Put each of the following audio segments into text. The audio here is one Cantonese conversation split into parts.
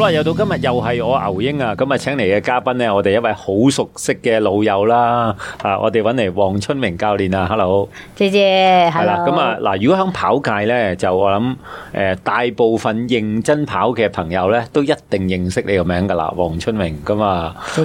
好啦，又到今日，又係我牛英啊！咁啊，請嚟嘅嘉賓咧，我哋一位好熟悉嘅老友啦。啊，我哋揾嚟王春榮教練啊，hello，謝謝，係啦。咁啊，嗱，如果響跑界咧，就我諗誒，大部分認真跑嘅朋友咧，都一定認識你個名噶啦，王春榮噶嘛。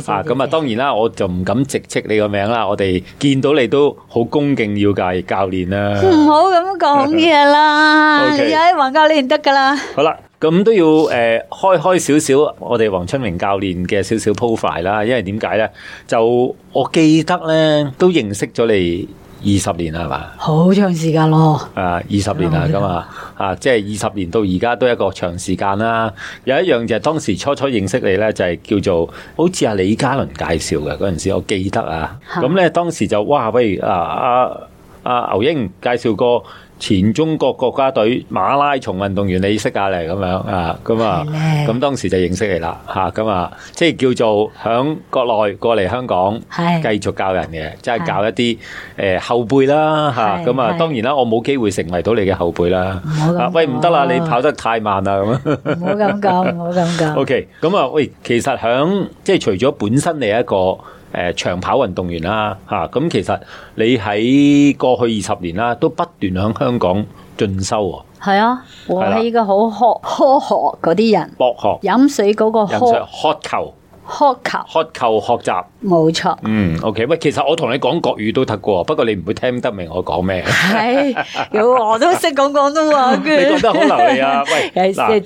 啊，咁啊，當然啦，我就唔敢直斥你個名啦。我哋見到你都好恭敬要計教練啦。唔好咁講嘢啦，喺王教練得噶啦。好啦。咁都要誒開開少少我哋王春榮教練嘅少少 profile 啦，因為點解呢？就我記得呢，都認識咗你二十年啦，係嘛？好長時間咯～啊 了，二十年啊，咁啊，啊，即係二十年到而家都一個長時間啦。有一樣就係當時初初認識你呢，就係、是、叫做好似阿李嘉倫介紹嘅嗰陣時，我記得啊。咁呢的，當時就哇，喂，如啊啊啊,阿牛英介紹過。前中國國家隊馬拉松運動員，你識下嚟咁、啊、樣啊？咁啊的，咁當時就認識你啦，吓、啊、咁啊，即係叫做響國內過嚟香港繼續教人嘅，的即係搞一啲誒、呃、後輩啦，吓、啊、咁的啊。當然啦，我冇機會成為到你嘅後輩啦。啊、喂唔得啦，你跑得太慢啦咁。唔好咁講，唔好咁講。O K，咁啊，喂，其實響即係除咗本身你一個。誒、呃，長跑運動員啦、吓、啊、咁、嗯、其實你喺過去二十年啦，都不斷喺香港進修。係啊，的我係一個好學科學嗰啲人，博學喝，飲水嗰個渴渴求，渴求渴求學習。球冇錯，嗯，OK，喂，其實我同你講國語都得過，不過你唔會聽得明我講咩。係，我都識講廣東話你覺得好流利啊。喂，啱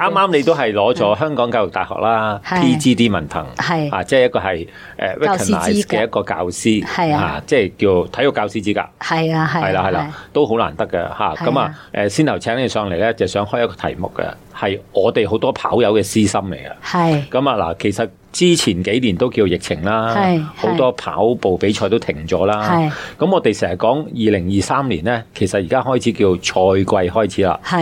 啱你都係攞咗香港教育大學啦，PGD 文憑，係啊，即係一個係誒教師資格，一個教師，係啊，即係叫體育教師資格，係啊，係啦，係啦，都好難得嘅吓。咁啊，誒，先頭請你上嚟咧，就想開一個題目嘅，係我哋好多跑友嘅私心嚟嘅，係。咁啊嗱，其實。之前幾年都叫疫情啦，好多跑步比賽都停咗啦。咁是我哋成日講二零二三年呢，其實而家開始叫賽季開始啦。是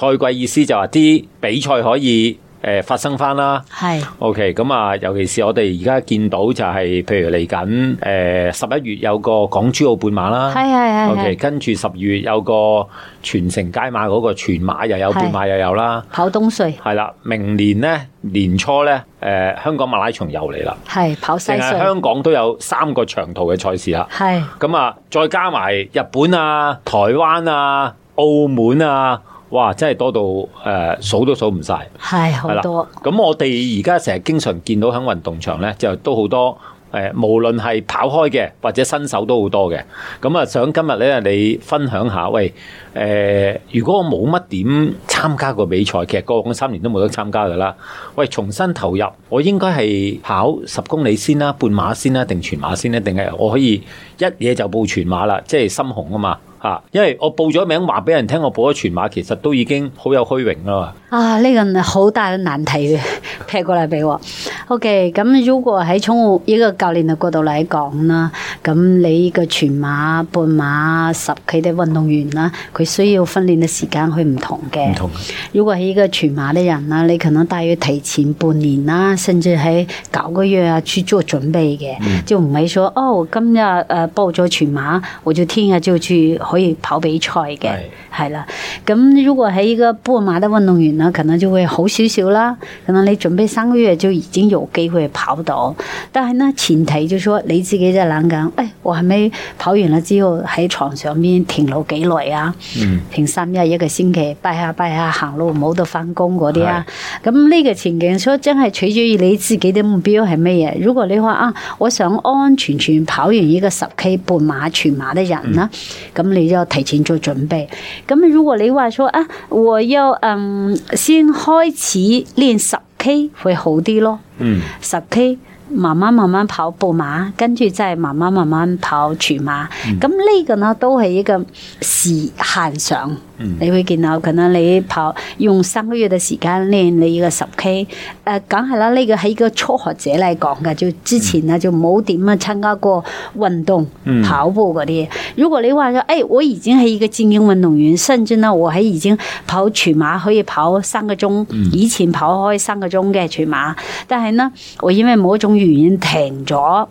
賽季意思就話啲比賽可以。誒，欸、發生翻啦是，係，OK，咁啊，尤其是我哋而家見到就係，譬如嚟緊誒十一月有個港珠澳半馬啦，係係係，OK，跟住十二月有個全城街馬嗰個全馬又有是半馬又有啦跑，跑東隧，係啦，明年咧年初咧，誒、呃，香港馬拉松又嚟啦，係跑西，香港都有三個長途嘅賽事啦是，係、嗯，咁啊、嗯，再加埋日本啊、台灣啊、澳門啊。哇！真係多到誒、呃、數都數唔晒。係好多。咁我哋而家成日經常見到喺運動場咧，就都好多誒、呃，無論係跑開嘅或者新手都好多嘅。咁啊，想今日咧你分享下，喂。誒、呃，如果我冇乜點參加過比賽，其實過往三年都冇得參加噶啦。喂，重新投入，我應該係跑十公里先啦，半馬先啦，定全馬先呢？定係我可以一嘢就報全馬啦？即係心雄啊嘛吓，因為我報咗名話俾人聽我報咗全馬，其實都已經好有虛榮啦。啊，呢、這個好大嘅難題嘅， 劈過嚟俾我。OK，咁如果喺物呢個教練嘅角度嚟講啦，咁你個全馬、半馬、十 K 啲運動員啦，需要訓練嘅時間會唔同嘅。同如果係一個全馬嘅人啦，你可能大約提前半年啦，啊，甚至喺九個月啊去做準備嘅，嗯、就唔係說哦，今日誒、呃、報咗全馬，我就聽日就去可以跑比賽嘅，係啦是。咁如果係一個半馬嘅運動員啦，可能就會好少少啦，可能你準備三個月就已經有機會跑到。但係呢前提就說你自己就諗緊，誒、哎，我係咪跑完啦之後喺床上邊停留幾耐啊？嗯，停三日一個星期，拜下拜下，行路冇到翻工嗰啲啊。咁呢是個情景，所真係取決於你自己的目標係咩嘢。如果你話啊，我想安安全全跑完呢個十 K 半馬全馬的人啦，咁、嗯、你就提前做準備。咁如果你話說，說啊，我要嗯先開始練十 K 會好啲咯，嗯，十 K。慢慢慢慢跑步嘛，跟住即係慢慢慢慢跑全馬，咁呢、嗯、個呢都係一個時限上。你會見到可能你跑用三個月嘅時間練你一個十 K，誒、呃，梗係啦，呢個係一個初學者嚟講嘅，就之前呢就冇點樣參加過運動，跑步嗰啲。如果你話說，說，誒、哎，我已經係一個精英運動員，甚至呢，我係已經跑全馬可以跑三個鐘，以前跑開三個鐘嘅全馬，但係呢，我因為某一種原因停咗，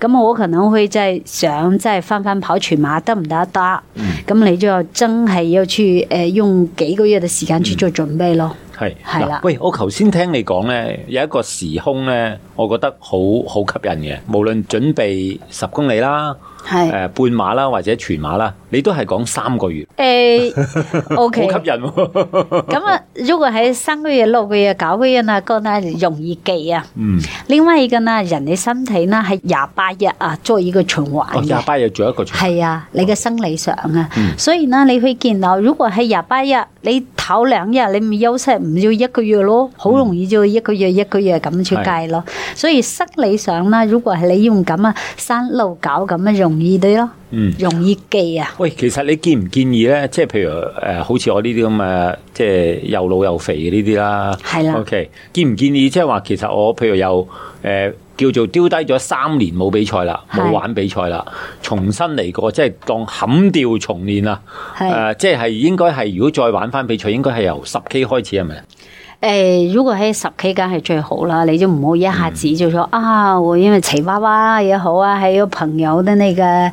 咁我可能會係想係翻翻跑全馬得唔得得？咁你就真要真係要去誒，用幾個月嘅時間去做準備咯。係係、嗯、啦，喂，我頭先聽你講咧，有一個時空咧，我覺得好好吸引嘅。無論準備十公里啦，係誒是、呃、半馬啦，或者全馬啦。你都係講三個月，誒，O K，好吸引。咁啊，如果喺三個月、六個月搞嗰樣啦，嗰呢容易記啊。嗯。另外一個呢，人嘅身體呢係廿八日啊，做一個循環。哦、廿八日做一個循環。係啊，你嘅生理上啊，嗯、所以呢，你可以見到如果喺廿八日，你唞兩日，你咪休息唔要一個月咯，好容易就一個月一個月咁出街咯。嗯、所以生理上啦，如果係你用咁啊三路搞咁啊容易啲咯。嗯，容易記啊！喂，其實你建唔建議咧？即係譬如誒、呃，好似我呢啲咁嘅，即係又老又肥嘅呢啲啦。係啦。OK，建唔建議即係話，其實我譬如又誒、呃、叫做丟低咗三年冇比賽啦，冇是的 玩比賽啦，重新嚟過，即係當砍掉重練啊。係。誒，即係應該係，如果再玩返比賽，應該係由十 K 開始，係咪？誒、呃，如果喺十 K 梗係最好啦，你就唔好一下子就說、嗯、啊，我因為錢娃娃也好啊，喺有朋友的那個誒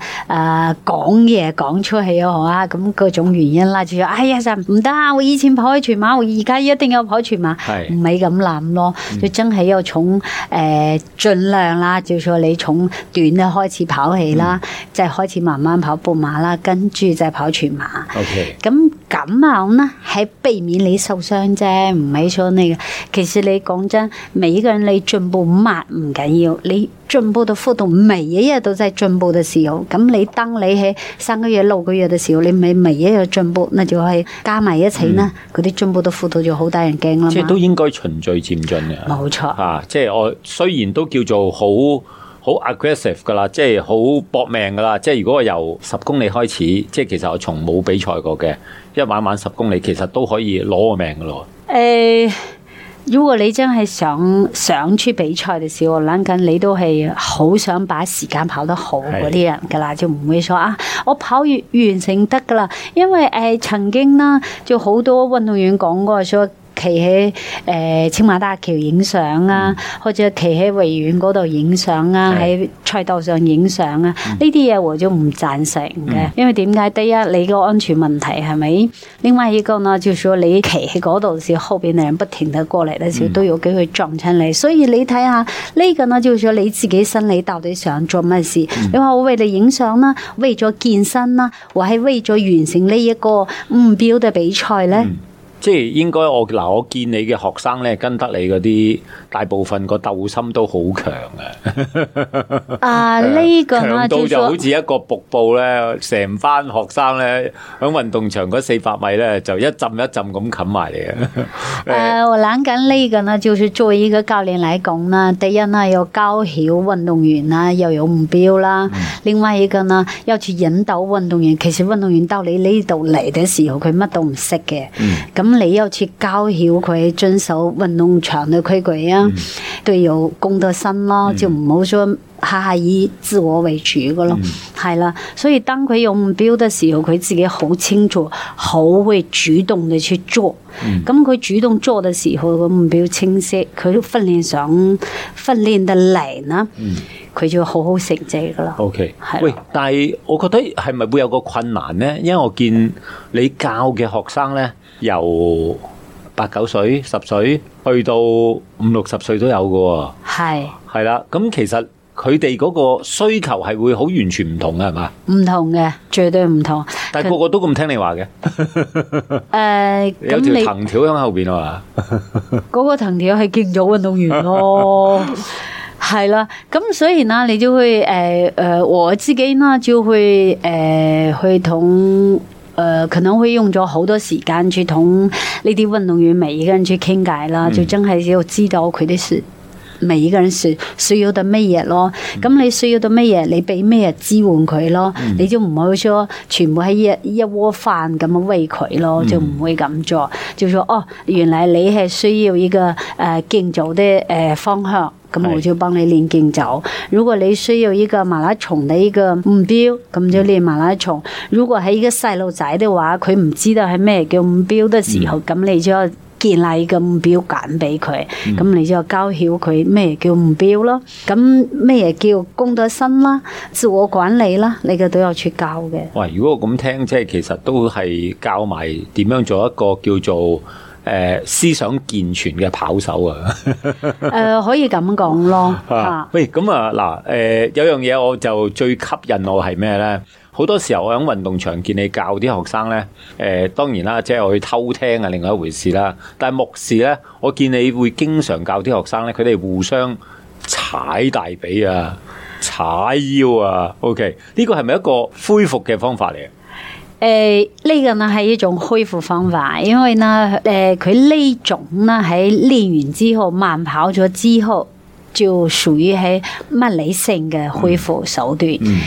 講嘢講出去又好啊，咁各種原因啦，就說哎呀就唔得啊，我以前跑喺全馬，我而家一定要跑全馬，唔係咁諗咯，嗯、就真係要從誒盡量啦，就算你從短咧開始跑起啦，即係、嗯、開始慢慢跑半馬啦，跟住就係跑全馬。OK，啊，咁樣咧係避免你受傷啫，唔係。其實你講真，每一個人你進步慢唔緊要緊，你進步到幅度，每一日都係進步嘅時候，咁你當你喺三個月、六個月嘅時候，你每每一日進步，那就係加埋一齊咧，嗰啲進步到幅度就好大人驚。啦。即係、嗯就是、都應該循序漸進嘅，冇錯錯。吓、啊，即、就、係、是、我雖然都叫做好好 aggressive 噶啦，即係好搏命噶啦。即、就、係、是、如果我由十公里開始，即、就、係、是、其實我從冇比賽過嘅，一晚一晚十公里，其實都可以攞個命噶咯。誒、呃，如果你真係想想出比賽嘅時候，諗緊你都係好想把時間跑得好嗰啲人噶啦，是的 就唔會話啊，我跑完完成得噶啦，因為誒、呃、曾經啦就好多運動員講過說。企喺誒青馬大橋影相啊，嗯、或者企喺維園嗰度影相啊，喺賽是的 道上影相啊，呢啲嘢我就唔贊成嘅。嗯、因為點解？第一，你個安全問題係咪？另外一個呢，就說你企喺嗰度時，後邊嘅人不停地過嚟嘅時候，嗯、都有機會撞親你。所以你睇下呢、這個呢，就說你自己心裏到底想做乜事？嗯、你話我為你影相啦，為咗健身啦，或係為咗完成呢一個目標嘅比賽咧？嗯即係應該我嗱，我見你嘅學生咧，跟得你嗰啲大部分個鬥心都好強 啊！啊、這個、呢個強到就好似一個瀑布咧，成、啊就是、班學生咧喺運動場嗰四百米咧，就一浸一浸咁冚埋嚟啊！誒，我諗緊呢個呢，就是作為一個教練嚟講啦，第一呢要教曉運動員啦，又有目標啦，嗯、另外一個呢要去引導運動員。其實運動員到你呢度嚟嘅時候，佢乜都唔識嘅，咁。嗯咁你要去教曉佢遵守運動場嘅規矩啊，嗯、都有公德心咯，嗯、就唔好咁下下以自我為主嘅咯，係、嗯、啦。所以當佢有目標嘅時候，佢自己好清楚，好會主動地去做。咁佢、嗯、主動做嘅時候，個目標清晰，佢都訓練上訓練得嚟啦，佢、嗯、就好好成績噶啦。O K，喂，但係我覺得係咪會有個困難呢？因為我見你教嘅學生呢。由八九歲、十歲去到五六十歲都有嘅喎，係係啦。咁其實佢哋嗰個需求係會好完全唔同嘅，係嘛？唔同嘅，絕對唔同。但係個個都咁聽你話嘅，誒，有條藤條喺後邊啊嘛。嗰個藤條係健足運動員咯，係啦。咁所以呢，你就會誒誒，我自己呢就會誒去同。誒、呃，可能會用咗好多時間去同呢啲運動員每一個人去傾偈啦，嗯、就真係要知道佢哋是每一個人是需要到乜嘢咯。咁、嗯、你需要到乜嘢，你俾乜嘢支援佢咯？嗯、你就唔好說全部喺一一鍋飯咁樣餵佢咯，就唔會咁做。嗯、就說哦，原來你係需要一個誒競走的誒、呃、方向。咁我就幫你練競走。如果你需要一個馬拉松的一個目標，咁就練馬拉松。如果係一個細路仔嘅話，佢唔知道係咩叫目標的時候，咁、嗯、你就建立個目標揀俾佢。咁、嗯、你就要教曉佢咩叫目標咯。咁咩叫功德心啦？自我管理啦、啊，你嘅都要去教嘅。喂，如果我咁聽，即係其實都係教埋點樣做一個叫做。誒，思想健全嘅跑手啊！ 誒、呃，可以咁講咯吓。啊啊、喂，咁啊嗱，誒、呃，有樣嘢我就最吸引我係咩咧？好多時候我喺運動場見你教啲學生咧，誒、呃，當然啦，即係我去偷聽啊，另外一回事啦。但係目視咧，我見你會經常教啲學生咧，佢哋互相踩大髀啊，踩腰啊。OK，呢、這個係咪一個恢復嘅方法嚟啊？誒，呢、呃呢個呢係一種恢復方法，因為呢，誒佢呢種呢喺練完之後慢跑咗之後。就屬於喺物理性嘅恢復手段。咁你、嗯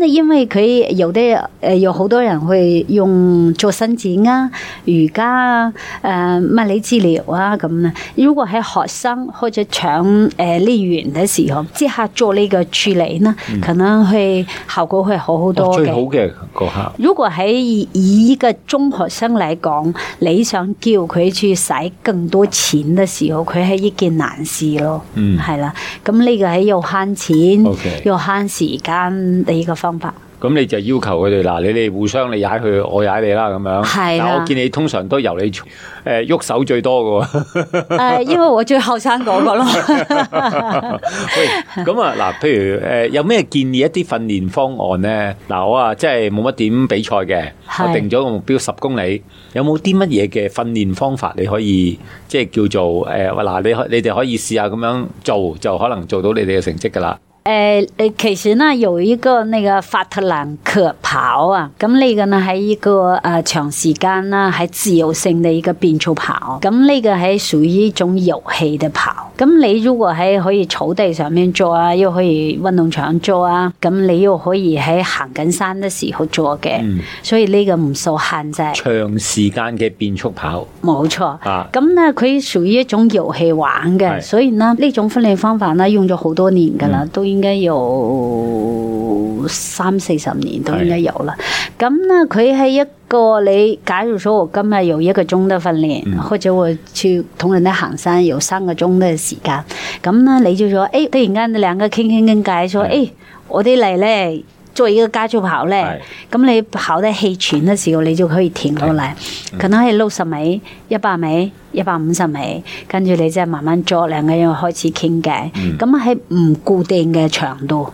嗯、因為佢有啲誒，有好多人會用做伸展啊、瑜伽啊、誒、呃、物理治療啊咁啦。如果喺學生或者長誒練完嘅時候，即刻做呢個處理呢，可能會效果會好好多嘅、哦。最好嘅嗰、那個、如果喺以一個中學生嚟講，你想叫佢去使更多錢嘅時候，佢係一件難事咯。嗯，係啦。咁呢個係又慳錢又慳 Okay. 時間嘅一個方法。咁你就要求佢哋嗱，你哋互相你踩佢，我踩你啦咁樣。係啦的、啊。我見你通常都由你誒喐、呃、手最多嘅。誒、 呃，因為我最後生嗰個咯。咁、 Okay，啊嗱，譬如誒、呃，有咩建議一啲訓練方案咧？嗱、呃，我啊即係冇乜點比賽嘅，的我定咗個目標十公里，有冇啲乜嘢嘅訓練方法你可以即係叫做誒嗱、呃呃，你你哋可以試下咁樣做，就可能做到你哋嘅成績噶啦。誒誒、呃，其實呢有一個那個法特蘭克跑啊，咁呢個呢係一個誒、呃、長時間呢係自由性嘅一個變速跑，咁呢個係屬於一種遊戲嘅跑，咁你如果喺可以草地上面做啊，又可以運動場做啊，咁你又可以喺行緊山嘅時候做嘅，嗯、所以呢個唔受限制，長時間嘅變速跑，冇錯錯，咁、啊、呢佢屬於一種遊戲玩嘅，是所以呢呢種訓練方法呢用咗好多年噶啦，都、嗯。應該有三四十年都應該有啦。咁呢，佢係一個你，假如說我今日用一個鐘的訓練，或者我去同人哋行山，有三個鐘嘅時，時間。咁呢，你就說，誒、哎，突然間你兩個傾傾傾偈，說，誒的、哎，我啲嚟呢。」做一個加速跑咧，咁的你跑得氣喘嘅時候，你就可以停落嚟。嗯、可以六十米、一百米、一百五十米，跟住你即係慢慢做兩個人開始傾偈。咁喺唔固定嘅長度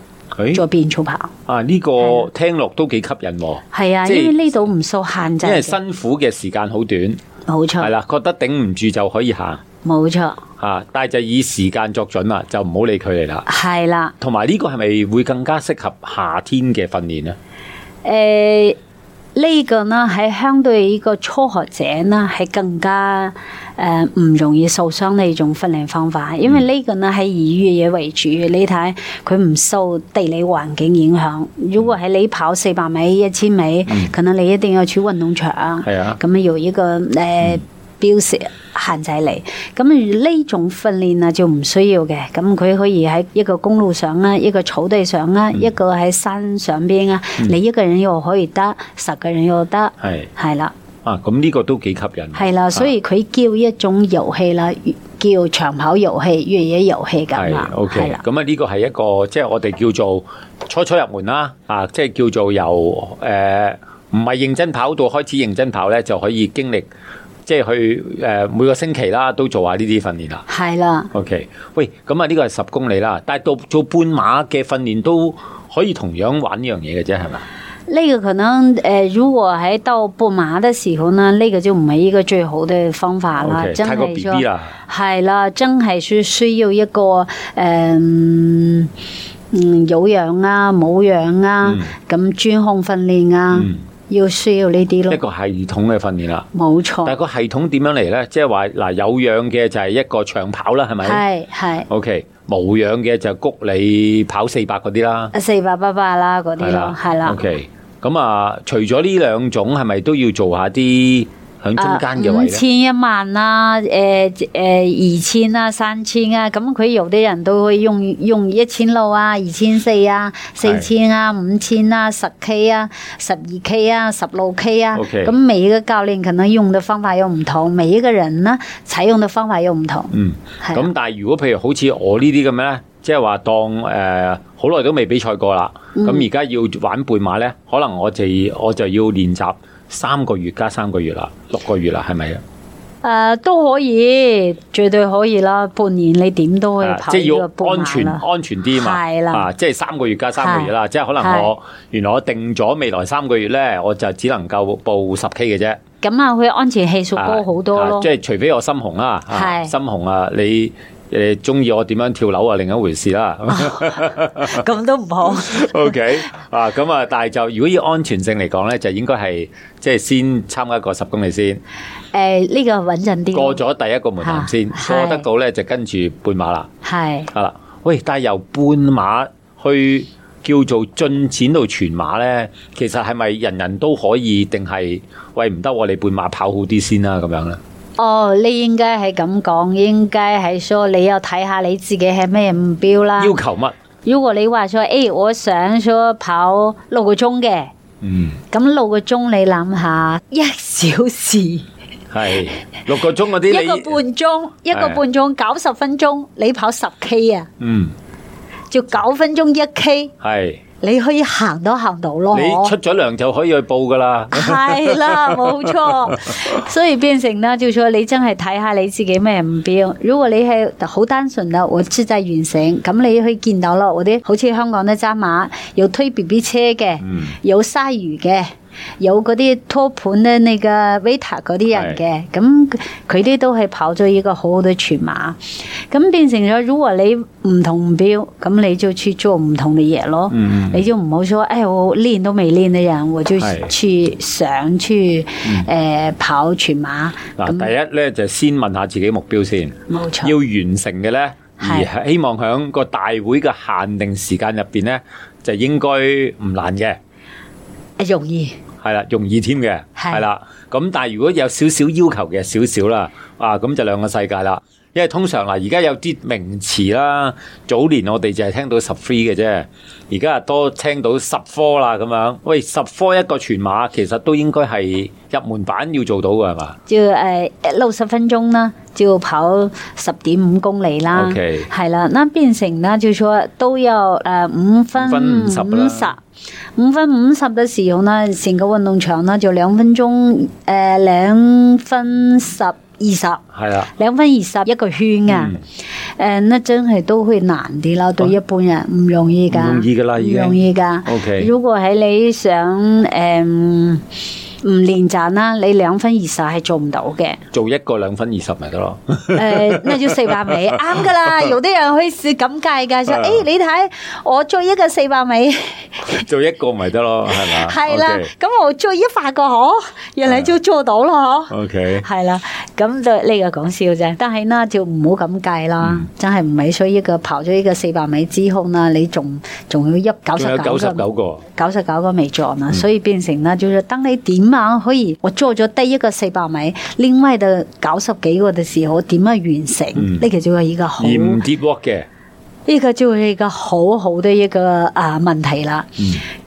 做變速跑。哎、啊，呢、這個聽落都幾吸引喎。係啊的，的因為呢度唔受限制。因為辛苦嘅時間好短。冇錯錯。係啦，覺得頂唔住就可以行。冇錯，吓、啊，但係就以時間作準啦，就唔好理距離啦。係啦的，同埋呢個係咪會更加適合夏天嘅訓練咧？誒、呃、呢、這個呢係相對呢個初學者呢係更加誒唔、呃、容易受傷嘅呢種訓練方法，因為呢個呢係以越野為主。你睇佢唔受地理環境影響。如果係你跑四百米、一千米，嗯、可能你一定要去運動場。係啊的，咁啊有一個誒。呃嗯標示限制嚟，咁呢種訓練啊就唔需要嘅，咁佢可以喺一個公路上啊，一個草地上啊，嗯、一個喺山上邊啊，嗯、你一個人又可以得，十個人又得，係係啦。的啊，咁呢個都幾吸引，係啦，所以佢叫一種遊戲啦，叫長跑遊戲、越野遊戲咁啦。OK，咁啊呢個係一個即係、就是、我哋叫做初初入門啦，啊，即、就、係、是、叫做由誒唔係認真跑到開始認真跑咧，就可以經歷。即係去誒、呃，每個星期啦，都做下呢啲訓練啦。係啦。OK，喂，咁啊，呢個係十公里啦，但係到做半馬嘅訓練都可以同樣玩呢樣嘢嘅啫，係咪？呢個可能誒、呃，如果喺到半馬嘅時候呢，呢、這個就唔係一個最好嘅方法啦，okay，真係咗。係啦，啦，真係需需要一個誒、呃，嗯，有氧啊，冇氧啊，咁專項訓練啊。嗯要需要呢啲咯，一個系統嘅訓練啦，冇錯。但係個系統點樣嚟咧？即係話嗱，有氧嘅就係一個長跑啦，係咪？係係。O K，冇氧嘅就谷你跑四百嗰啲啦，四百八百啦嗰啲咯，係啦、啊。O K，咁啊，除咗呢兩種，係咪都要做下啲？喺中間嘅、啊、五千一萬啦、啊，誒、呃、誒、呃、二千啊，三千啊，咁佢有啲人都會用用一千六啊，二千四啊，四千啊，是五千啊，十 K 啊，十二 K 啊，十六 K 啊，咁 Okay. 每一個教練可能用嘅方法又唔同，每一個人呢，使用嘅方法又唔同。嗯，咁、啊嗯、但係如果譬如好似我呢啲咁咧，即係話當誒好耐都未比賽過啦，咁而家要玩倍馬咧，可能我哋我就要練習。三個月加三個月啦，六個月啦，係咪啊？誒都可以，絕對可以啦。半年你點都可以跑、啊、即係要安全安全啲嘛。係啦的、啊，即係三個月加三個月啦，的即係可能我的原來我定咗未來三個月咧，我就只能夠報十 K 嘅啫。咁啊，佢安全係數高好多咯。即係除非我心紅啦、啊，係、啊、的心紅啊，你。誒，中意我點樣跳樓啊？另一回事啦、哦，咁 都唔好。O K，啊，咁啊，但係就如果以安全性嚟講咧，就應該係即係先參加個十公里先。誒、呃，呢、這個穩陣啲。過咗第一個門檻先，是過得到咧，就跟住半馬是啦。係。係啦、啊，喂，但係由半馬去叫做進展到全馬咧，其實係咪人人都可以，定係喂唔得？我哋半馬跑好啲先啦、啊，咁樣咧。哦，你應該係咁講，應該係說你又睇下你自己係咩目標啦。要求乜？如果你話說，誒，我想說跑六個鐘嘅，嗯，咁六個鐘你諗下，一小時係六個鐘嗰啲，一個半鐘，一個半鐘九十分鐘，你跑十 K 啊？嗯，就九分鐘一 K 係。你可以行都行到咯，你出咗糧就可以去報噶啦。係 啦，冇錯，所以變成啦，趙楚，你真係睇下你自己咩目標。如果你係好單純啦，我志在完成，咁你可以見到咯。我啲好似香港啲揸馬，有推 B B 車嘅，有鯊魚嘅。嗯有嗰啲托盤咧，你個 waiter 嗰啲人嘅，咁佢啲都係跑咗一個好好嘅全馬，咁變成咗，如果你唔同目標，咁你就去做唔同嘅嘢咯，嗯、你就唔好說，誒、哎、我練都未練嘅人，我就去上去誒是、嗯、跑全馬。嗱，第一咧就是、先問下自己目標先，冇錯錯，要完成嘅咧，而希望響個大會嘅限定時間入邊咧，的就應該唔難嘅，容易。係啦，容易添嘅，係啦。咁的但係如果有少少要求嘅，少少啦，啊咁就兩個世界啦。因為通常嗱，而家有啲名詞啦，早年我哋就係聽到 sub three 嘅啫，而家啊多聽到 sub four 啦咁樣。喂，sub four 一個全馬其實都應該係入門版要做到嘅係嘛？要誒，六十，呃、分鐘啦，要跑十點五公里啦，Okay. 係啦，那變成啦，就說都有誒五分五十五分五十嘅時候呢，成個運動場呢，就兩分鐘誒兩分十。二十係啊，20, 的兩分二十一個圈啊，誒、嗯呃，那真係都會難啲啦，啊、對一般人唔容易噶，唔容易噶啦，唔容易噶，Okay. 如果係你想誒。呃唔連賺啦，你兩分二十係做唔到嘅。做一個兩分二十咪得咯。誒、 呃，咩叫四百米？啱噶啦，有啲人可以試咁計噶。誒、 欸，你睇我做一個四百米， 做一個咪得咯，係嘛？係 啦，咁 Okay.、嗯、我做一百個嗬，原來就做到咯 OK。係啦，咁就呢、這個講笑啫。但係呢就唔好咁計啦，嗯、真係唔係所以一個跑咗一個四百米之後啦，你仲仲要一九十九個九十九個未撞啊，嗯、所以變成呢，就等你點。可以我做咗第一個四百米，另外的九十幾個嘅時候我點樣完成？呢個就係一個好嘅。呢個就係一個好好的一個啊問題啦。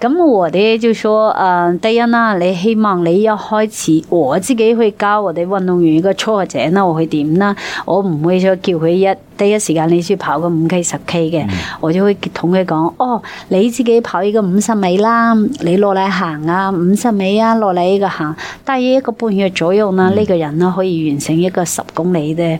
咁、嗯、我哋就說，誒、呃，第一啦，你希望你一開始我自己去教我哋運動員一個初學者啦，我會點啦？我唔會再叫佢一。第一時間你先跑個五 K 十 K 嘅，嗯、我就會同佢講：哦，你自己跑呢個五十米啦，你落嚟行啊，五十米啊，落嚟呢個行，大約一個半月左右啦，呢、嗯、個人啦可以完成一個十公里嘅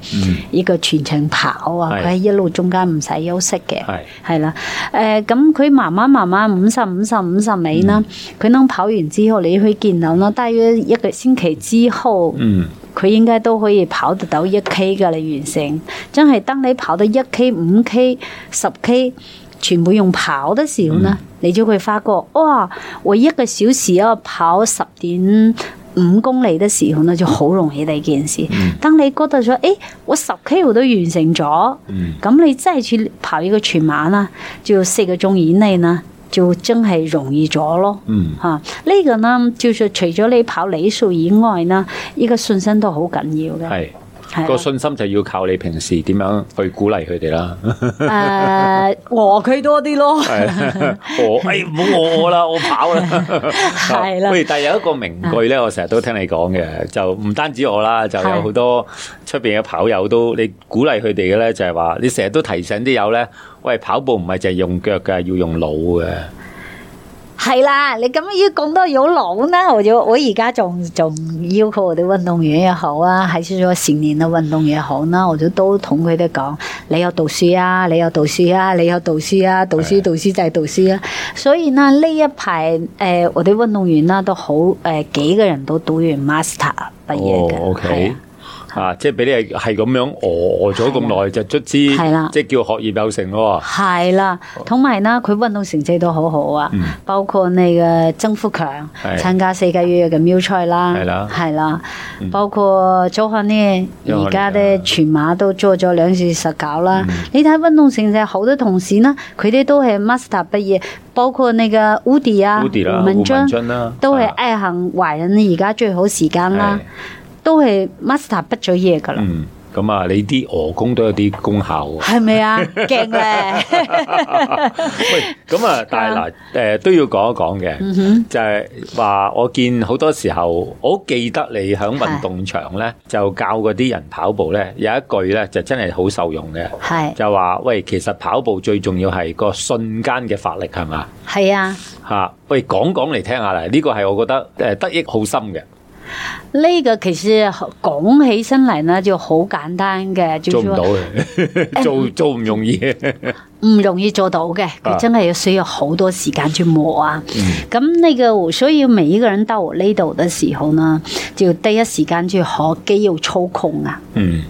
呢個全程跑啊，佢喺、嗯、一路中間唔使休息嘅，係啦、嗯，誒咁佢慢慢慢慢五十五十五十米啦，佢、嗯、能跑完之後，你會見到啦，大約一個星期之後。嗯佢應該都可以跑得到一 K 噶你完成。真係當你跑到一 K、五 K、十 K，全部用跑的時候呢，嗯、你就會發覺，哇！我一個小時啊跑十點五公里的時候呢，就好容易呢件事。嗯、當你覺得咗，誒、欸，我十 K 我都完成咗，咁、嗯、你真係去跑一個呢個全馬啦，就要四個鐘以內呢？就真係容易咗咯，嚇呢個呢，就是除咗你跑里數以外呢，呢個信心都好緊要嘅。個信心就要靠你平時點樣去鼓勵佢哋啦。誒 ，uh, 和佢多啲咯。係啦，和，哎，唔好和我啦，我跑啦。係 啦 了。喂，但係有一個名句咧，我成日都聽你講嘅，就唔單止我啦，就有好多出邊嘅跑友都，你鼓勵佢哋嘅咧，就係話，你成日都提醒啲友咧，喂，跑步唔係淨係用腳嘅，要用腦嘅。係啦，你咁要講到有腦啦。我就我而家仲仲要求我的運動員也好啊，還是說成年的運動員也好啦，我就都同佢哋講，你有讀書啊，你有讀書啊，你有讀書啊，讀書讀書就係讀書啊。的所以呢呢一排誒、呃，我的運動員啦，都好誒、呃，幾個人都讀完 master 畢業嘅。Oh, okay. 啊！即係俾你係咁樣餓咗咁耐就卒之，即係叫學業有成咯。係啦，同埋呢，佢運動成績都好好啊。包括你嘅曾富強參加世界越野嘅比賽啦，係啦，係啦。包括周漢呢，而家呢全馬都做咗兩次十九啦。你睇運動成績，好多同事呢，佢哋都係 master 畢業，包括那個烏迪啊、胡文津，都係毅行華人而家最好時間啦。都係 master 畢咗業噶啦。嗯，咁啊，你啲鵝公都有啲功效。係咪啊？勁咧。喂。咁啊，但係嗱，誒都要講一講嘅，就係話我見好多時候，我記得你響運動場咧，就教嗰啲人跑步咧，有一句咧就真係好受用嘅。係。就話喂，其實跑步最重要係個瞬間嘅發力係嘛？係啊。吓，喂，講講嚟聽下啦。呢個係我覺得誒得益好深嘅。呢個其實講起身嚟呢就好簡單嘅、就是哎，做唔到嘅，做做唔容易，唔、哎、容易做到嘅，佢、啊、真係要需要好多時間去磨啊。咁呢、嗯呢個，所以每一個人到我呢度嘅時候呢，就第一時間就學肌肉操控啊。嗯，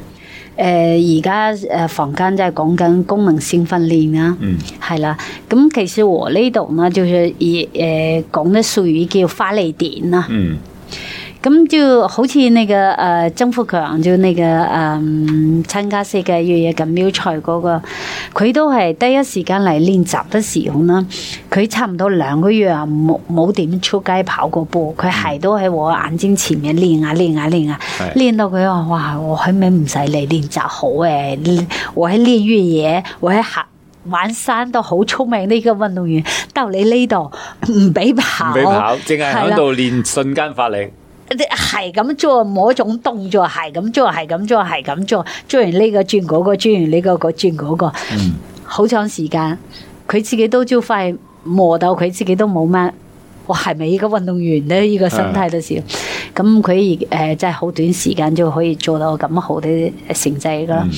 誒、呃，而家誒坊間即係講緊功能性訓練、啊嗯、啦。嗯，係啦。咁其實我呢度呢，就是也誒、呃、講得術語叫發力點啦、啊。嗯。咁就好似呢個，誒、呃，曾富強就那個，嗯、呃，參加世界越野錦標賽嗰個，佢都係第一時間嚟練習嘅時候呢，佢差唔多兩個月啊，冇冇點出街跑過步，佢係都喺我眼睛前面練啊練啊練啊，啊，練是到佢話，哇，我係咪唔使嚟練習好誒、啊，我喺練越野，我喺行玩山都好聰明呢、這個運動員，到你呢度唔俾跑，唔俾跑，淨係喺度練瞬間發力。係咁做，某種動作係咁做，係咁做，係咁做，做完呢個轉嗰個，轉完呢個個轉嗰個，好長時間，佢自己都就快磨到佢自己都冇乜。我係咪依個運動員咧？呢個身體都少，咁佢誒真係好短時間就可以做到咁好啲成績噶啦。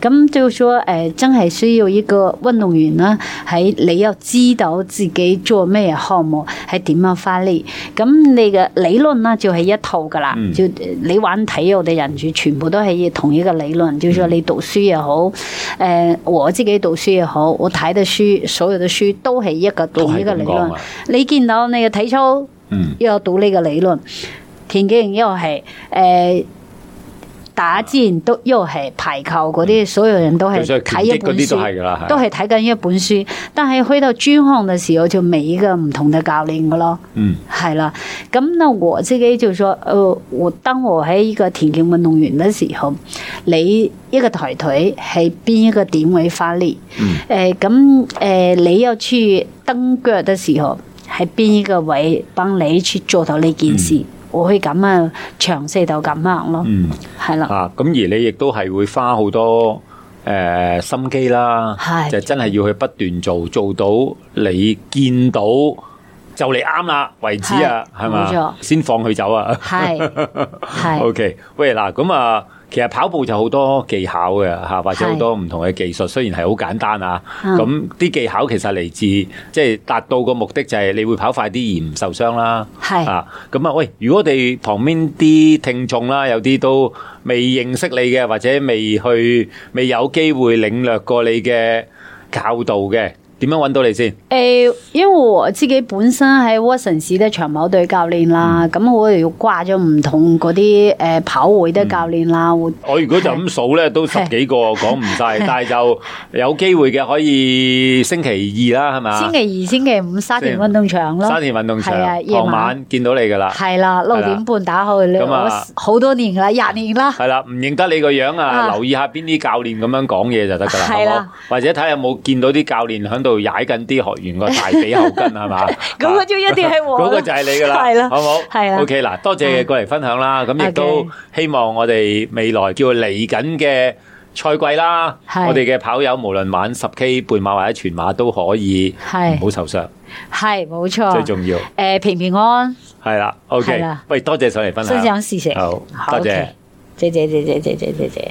咁、嗯、就説誒、呃，真係需要一個運動員啦，喺你又知道自己做咩項目，喺點樣發力。咁你嘅理論啦，就係、是、一套噶啦，嗯、就你玩體育嘅人，就全部都係同一個理論。就説你讀書又好，誒、呃、我自己讀書又好，我睇嘅書，所有嘅書都係一個同一個理論。你見到你、呢個？體操又有讀呢個理論，嗯、田徑又係誒、呃、打字都又係排球嗰啲，嗯、所有人都係睇一本書，嗯、都係睇緊一本書。嗯、但係去到專項嘅時候，就每一個唔同嘅教練噶咯。嗯，係啦。咁呢，我自己就說，誒、呃，我當我喺呢個田徑運動員嘅時候，你一個抬腿喺邊一個點位發力？誒、嗯，咁誒、嗯嗯嗯呃，你要去蹬腳嘅時候。喺邊個位幫你去做到呢件事，我可以咁啊詳細到咁樣咯，係啦。啊，咁而你亦都係會花好多誒心機啦，就真係要去不斷做，做到你見到就你啱啦為止啊，係咪冇錯，先放佢走啊，係，係。OK，喂嗱，咁啊。其實跑步就好多技巧嘅吓，或者好多唔同嘅技術，雖然係好簡單啊，咁啲技巧其實嚟自，即係達到個目的就係你會跑快啲而唔受傷啦。係啊，咁啊喂，如果我哋旁邊啲聽眾啦，有啲都未認識你嘅，或者未去未有機會領略過你嘅教導嘅，點樣搵到你先？誒，因為我自己本身喺屈臣氏的長跑隊教練啦，咁我哋要掛咗唔同嗰啲誒跑會的教練啦，我如果就咁數咧，都十幾個講唔晒，但係就有機會嘅，可以星期二啦，係咪？星期二、星期五，沙田運動場咯。沙田運動場，夜晚見到你噶啦。係啦，六點半打開。咁好多年啦，廿年啦。係啦，唔認得你個樣啊，留意下邊啲教練咁樣講嘢就得噶啦，係或者睇下有冇見到啲教練響度。踩緊啲學員個大髀後跟係嘛？咁嗰就一定係我，嗰個就係你噶啦，係啦，好冇？係啦，OK 嗱，多謝你過嚟分享啦，咁亦都希望我哋未來叫嚟緊嘅賽季啦，我哋嘅跑友無論玩十 K 半馬或者全馬都可以，唔好受傷，係冇錯，最重要，誒平平安，係啦，OK 啦，不如多謝上嚟分享，心想事成，多謝，謝謝，謝謝，謝謝，謝謝。